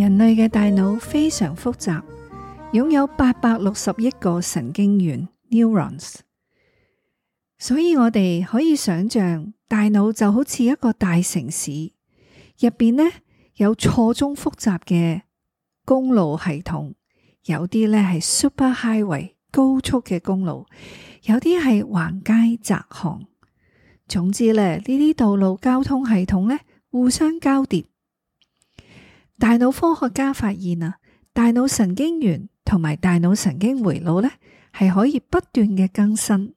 人類嘅大腦非常複雜，擁有八百六十億個神經元 （neurons），所以我哋可以想象大腦就好似一個大城市，入邊呢有錯綜複雜嘅公路系統，有啲呢係 super highway 高速嘅公路，有啲係橫街窄巷。總之呢，呢啲道路交通系統呢互相交疊。大腦科學家發現啊，大腦神經元同埋大腦神經回路呢係可以不斷嘅更新。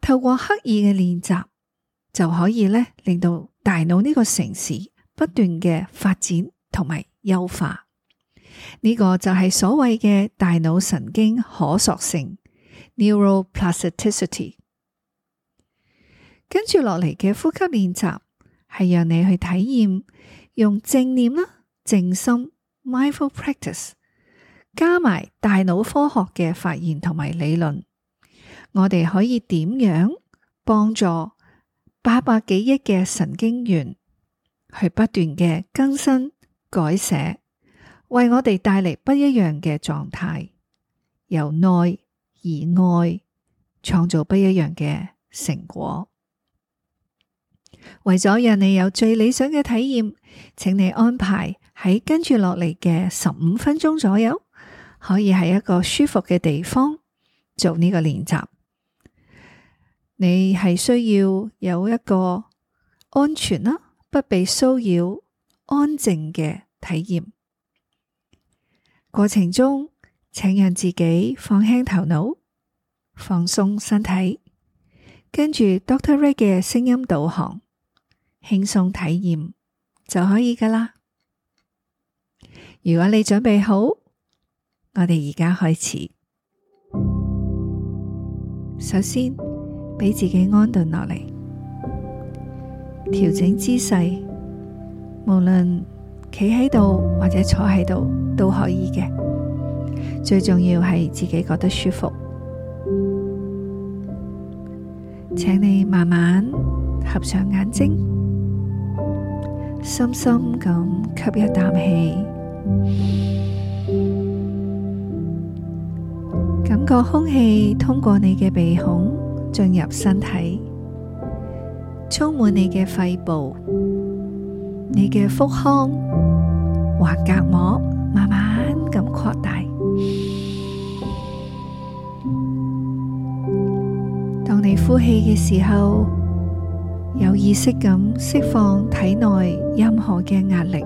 透過刻意嘅練習，就可以呢令到大腦呢個城市不斷嘅發展同埋優化。呢、這個就係所謂嘅大腦神經可塑性 （neuroplasticity）。跟住落嚟嘅呼吸練習，係讓你去體驗用正念啦。靜心、mindful practice，加埋大腦科學嘅發現同埋理論，我哋可以點樣幫助八百幾億嘅神經元去不斷嘅更新改寫，為我哋帶嚟不一樣嘅狀態，由內而外創造不一樣嘅成果。為咗讓你有最理想嘅體驗，請你安排。喺跟住落嚟嘅十五分鐘左右，可以喺一個舒服嘅地方做呢個練習。你係需要有一個安全啦，不被騷擾、安靜嘅體驗。過程中，請讓自己放輕頭腦，放鬆身體，跟住 Dr. Red 嘅聲音導航，輕鬆體驗就可以㗎喇。如果你準備好，我哋而家開始。首先，畀自己安頓落嚟，調整姿勢，無論企喺度或者坐喺度都可以嘅。最重要係自己覺得舒服。請你慢慢合上眼睛，深深咁吸一啖氣。感覺空氣通過你嘅鼻孔進入身體，充滿你嘅肺部、你嘅腹腔或隔膜，慢慢咁擴大。當你呼氣嘅時候，有意識咁釋放體內任何嘅壓力。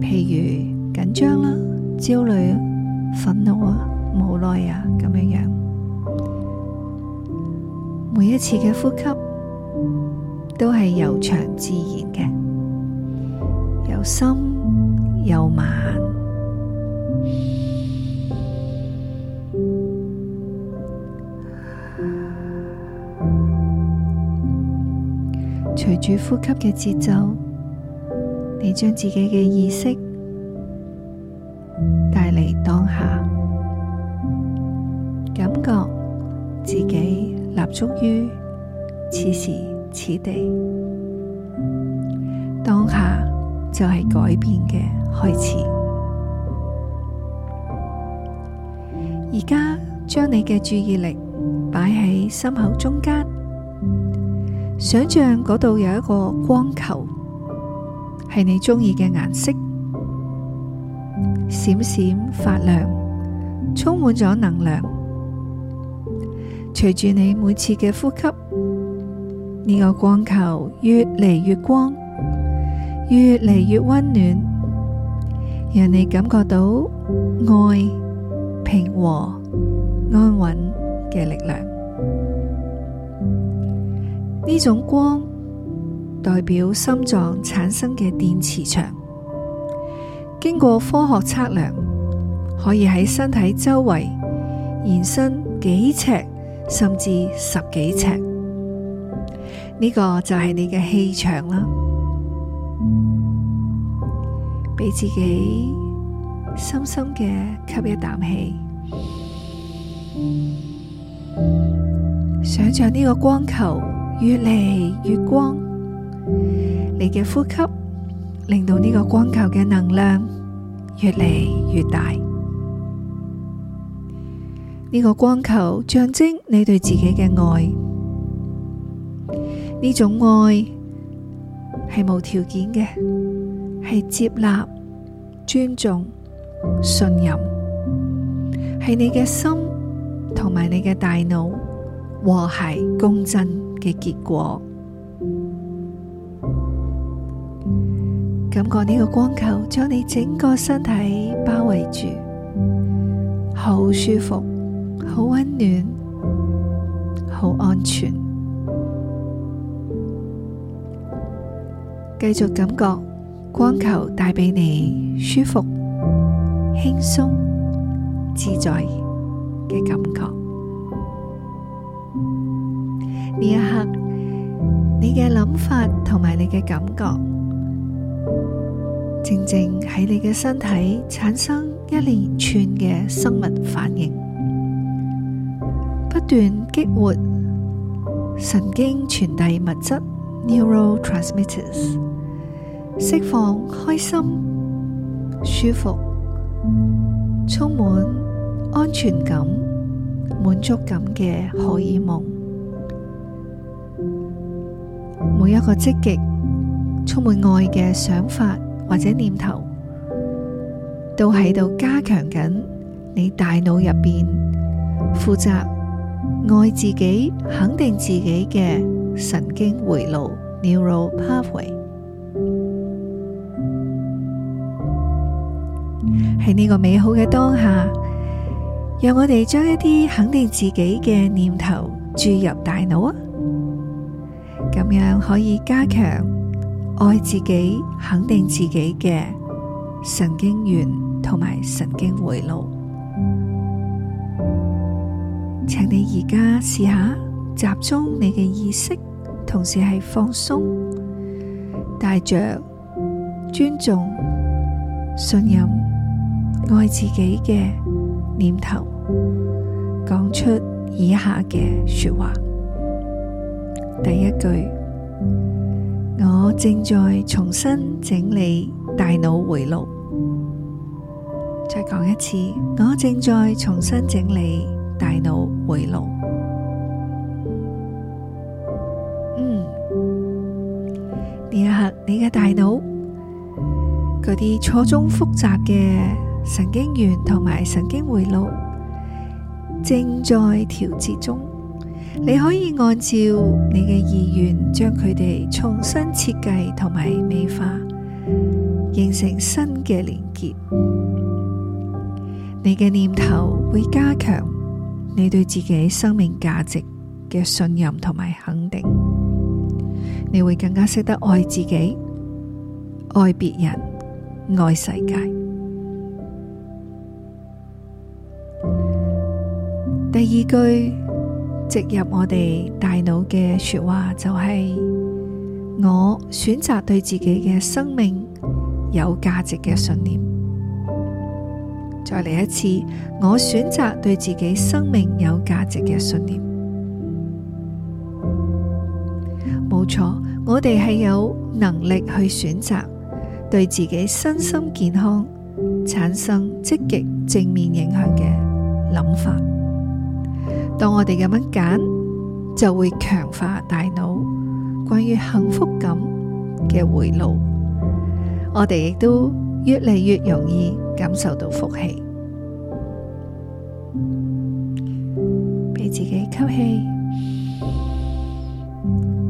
譬如緊張啦、焦慮、憤怒啊、無奈啊，咁樣樣。每一次嘅呼吸都係悠長自然嘅，又深又慢。隨住呼吸嘅節奏。你將自己嘅意識帶嚟當下，感覺自己立足於此時此地，當下就係改變嘅開始。而家將你嘅注意力擺喺心口中間，想象嗰度有一個光球。係你鍾意嘅顏色，閃閃發亮，充滿咗能量。隨住你每次嘅呼吸，呢、這個光球越嚟越光，越嚟越溫暖，讓你感覺到愛、平和、安穩嘅力量。呢種光，代表心臟產生嘅電磁場，經過科學測量，可以喺身體周圍延伸幾尺，甚至十幾尺。呢、這個就係你嘅氣場啦。俾自己深深嘅吸一啖氣，想象呢個光球越嚟越光。你嘅呼吸令到呢個光球嘅能量越嚟越大。呢、呢個光球象徵你對自己嘅愛，呢種愛係無條件嘅，係接納、尊重、信任，係你嘅心同埋你嘅大腦和諧共振嘅結果。感覺呢個光球將你整個身體包圍住，好舒服，好溫暖，好安全。繼續感覺光球帶俾你舒服、輕鬆、自在嘅感覺。呢一刻，你嘅諗法同埋你嘅感覺。靜靜喺你嘅身體產生一連串嘅生物反應，不斷激活神經傳遞物質 （neurotransmitters），釋放開心、舒服、充滿安全感、滿足感嘅荷爾蒙。每一個積極、充滿愛嘅想法，或者念頭，都喺度加強緊你大腦入邊負責愛自己、肯定自己嘅神經迴路 （neural pathway）。喺呢個美好嘅當下，讓我哋將一啲肯定自己嘅念頭注入大腦啊！咁樣可以加強。愛自己、肯定自己嘅神經元同埋神經迴路，請你而家試下集中你嘅意識，同時係放鬆，帶着尊重、信任、愛自己嘅念頭，講出以下嘅說話。第一句。我正在重新整理大腦迴路。再講一次，我正在重新整理大腦迴路。嗯，呢一刻你嘅大腦嗰啲錯綜複雜嘅神經元同埋神經迴路正在調節中。你可以按照你嘅意願，將佢哋重新設計同埋美化，形成新嘅連結。你嘅念頭會加強你對自己生命價值嘅信任同埋肯定，你會更加識得愛自己、愛別人、愛世界。第二句。植入我哋大腦嘅說話就係，我選擇對自己嘅生命有價值嘅信念。再嚟一次，我選擇對自己生命有價值嘅信念。冇錯，我哋係有能力去選擇對自己身心健康產生積極正面影響嘅諗法。當我哋咁樣揀，就會強化大腦關於幸福感嘅回路。我哋亦都越嚟越容易感受到福氣，俾自己吸氣，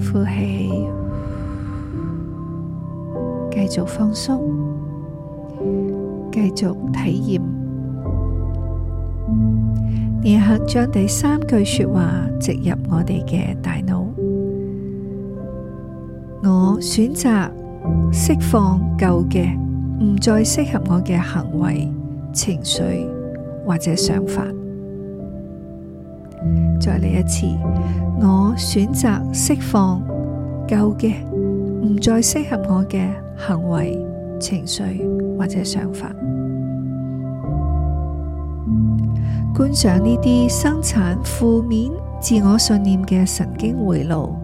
呼氣，繼續放鬆，繼續體驗。然後將第三句說話植入我哋嘅大腦。我選擇釋放舊嘅唔再適合我嘅行為、情緒或者想法。再嚟一次，我選擇釋放舊嘅唔再適合我嘅行為、情緒或者想法。觀賞呢啲生產負面自我信念嘅神經迴路，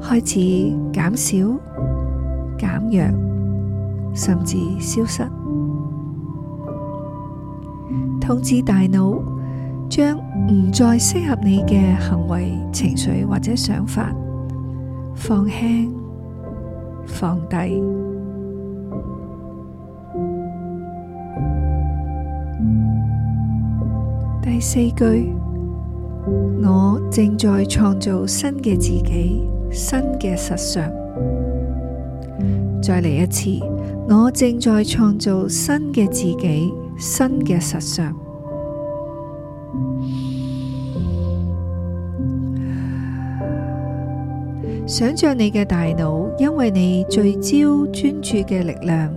開始減少、減弱，甚至消失。通知大腦，將唔再適合你嘅行為、情緒或者想法放輕、放低。四句，我正在創造新嘅自己，新嘅實相。再嚟一次，我正在創造新嘅自己，新嘅實相。想象你嘅大腦，因為你聚焦專注嘅力量，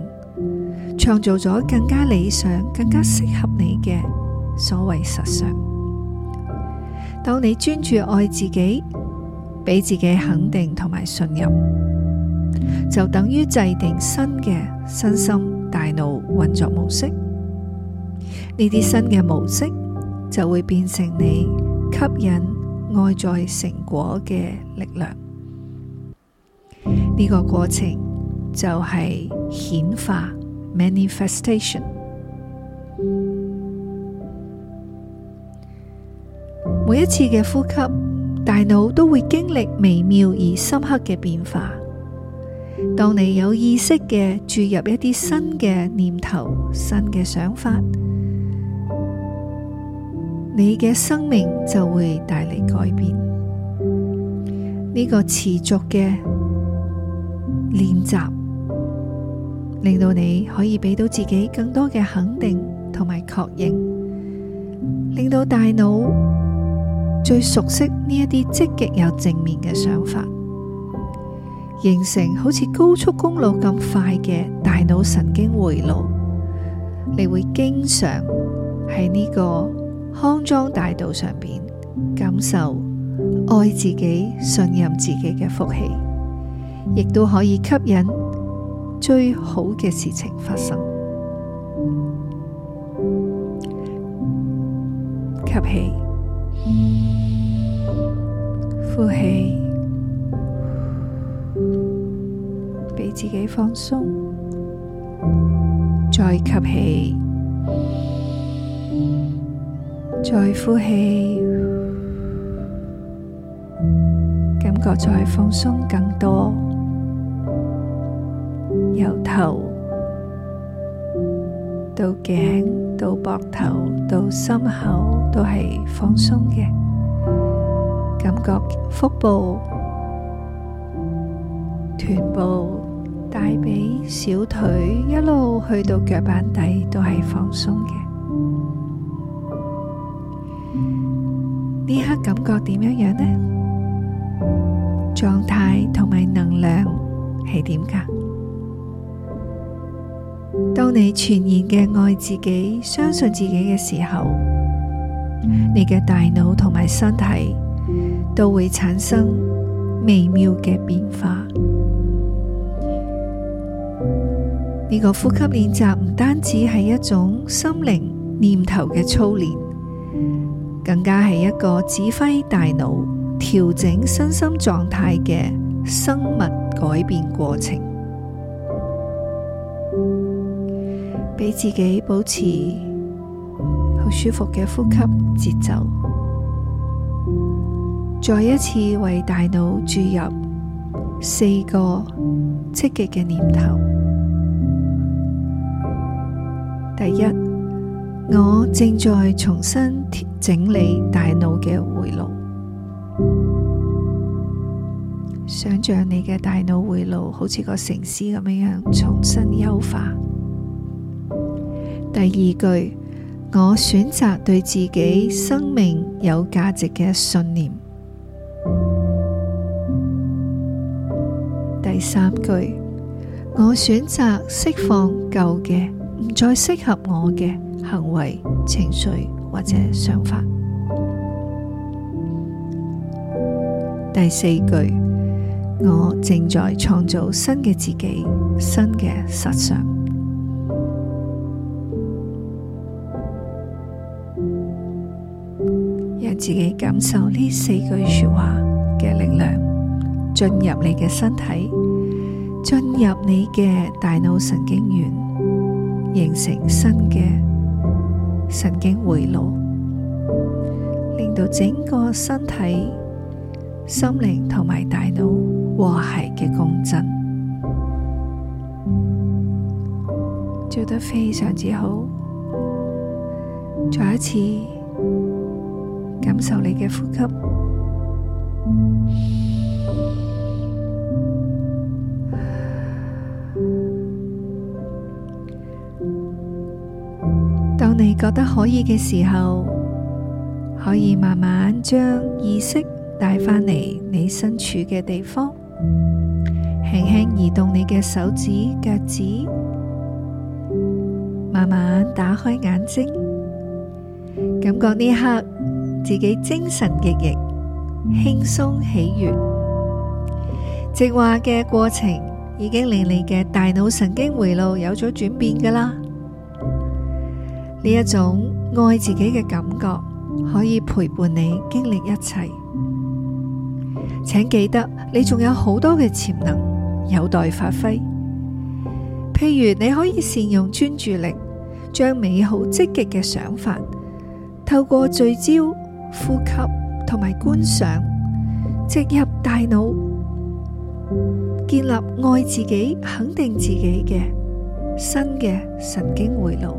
創造咗更加理想、更加適合你嘅。所謂實相，當你專注愛自己，俾自己肯定同埋信任，就等於制定新嘅身心大腦運作模式。呢啲新嘅模式就會變成你吸引外在成果嘅力量。呢、呢個過程就係顯化 （manifestation）。每一次嘅呼吸，大腦都會經歷微妙而深刻嘅變化。當你有意識嘅注入一啲新嘅念頭、新嘅想法，你嘅生命就會帶嚟改變。呢個持續嘅練習，令到你可以俾到自己更多嘅肯定同埋確認，令到大腦最熟悉呢一啲積極又正面嘅想法，形成好似高速公路咁快嘅大腦神經回路，你會經常喺呢個康莊大道上面感受愛自己、信任自己嘅福氣，亦都可以吸引最好嘅事情發生。吸氣。呼氣，俾自己放鬆，再吸氣，再呼氣，感覺再放鬆更多，由頭到頸到膊頭到心口都係放鬆嘅。感覺腹部、臀部、大腿、小腿一路去到腳板底都係放鬆嘅。呢刻感覺點樣樣呢？狀態同埋能量係點噶？當你全然嘅愛自己、相信自己嘅時候，你嘅大腦同埋身體。都會產生微妙嘅變化。呢個呼吸練習唔單止係一種心靈念頭嘅操練，更加係一個指揮大腦、調整身心狀態嘅生物改變過程，俾自己保持好舒服嘅呼吸節奏。再一次為大腦注入四個積極嘅念頭。第一，我正在重新整理大腦嘅回路，想象你嘅大腦回路好似個城市咁樣樣，重新優化。第二句，我選擇對自己生命有價值嘅信念。第三句，我選擇釋放舊嘅、唔再適合我嘅行為、情緒或者想法。第四句，我正在創造新嘅自己、新嘅實相。讓自己感受呢四句說話嘅力量，進入你嘅身體。進入你嘅大腦神經元，形成新嘅神經回路，令到整個身體、心靈同埋大腦和諧嘅共振，做得非常之好。再一次感受你嘅呼吸。覺得可以嘅時候，可以慢慢將意識帶返嚟你身處嘅地方，輕輕移動你嘅手指、腳趾，慢慢打開眼睛，感覺呢刻自己精神奕奕，輕鬆喜悅。靜心嘅過程已經令你嘅大腦神經回路有咗轉變㗎喇。呢一種愛自己嘅感覺，可以陪伴你經歷一切。請記得，你仲有好多嘅潛能有待發揮。譬如，你可以善用專注力，將美好積極嘅想法透過聚焦、呼吸同埋觀賞，植入大腦，建立愛自己、肯定自己嘅新嘅神經回路。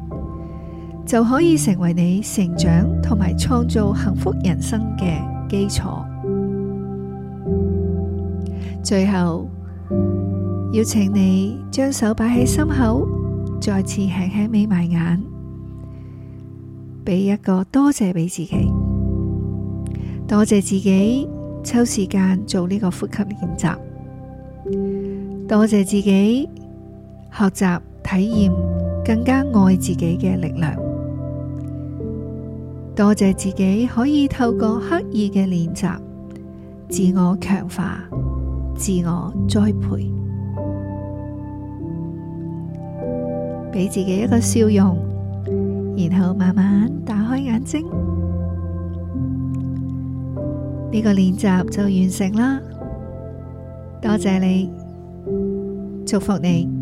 就可以成為你成長同埋創造幸福人生嘅基礎。最後，邀請你將手擺喺心口，再次輕輕眯埋眼，俾一個多謝俾自己，多謝自己抽時間做呢個呼吸練習，多謝自己學習體驗更加愛自己嘅力量。多謝自己可以透過刻意嘅練習，自我強化、自我栽培，俾自己一個笑容，然後慢慢打開眼睛，呢、這個練習就完成啦。多謝你，祝福你。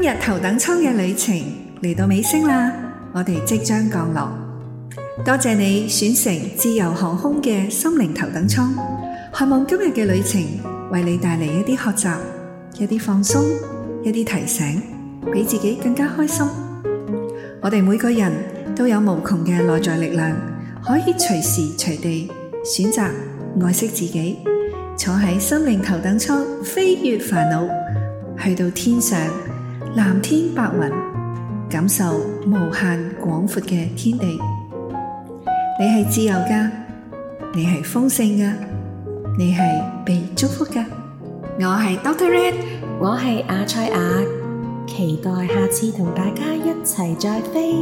今日頭等艙嘅旅程嚟到尾聲啦，我哋即將降落。多謝你選乘自由航空嘅心靈頭等艙，渴望今日嘅旅程為你帶嚟一啲學習、一啲放鬆、一啲提醒，俾自己更加開心。我哋每個人都有無窮嘅內在力量，可以隨時隨地選擇愛惜自己，坐喺心靈頭等艙，飛越煩惱，去到天上。藍天白雲，感受無限廣闊嘅天地。你係自由噶，你係豐盛噶，你係被祝福噶。我係 Dr. Red，我係阿賽亞，期待下次同大家一齊再飛。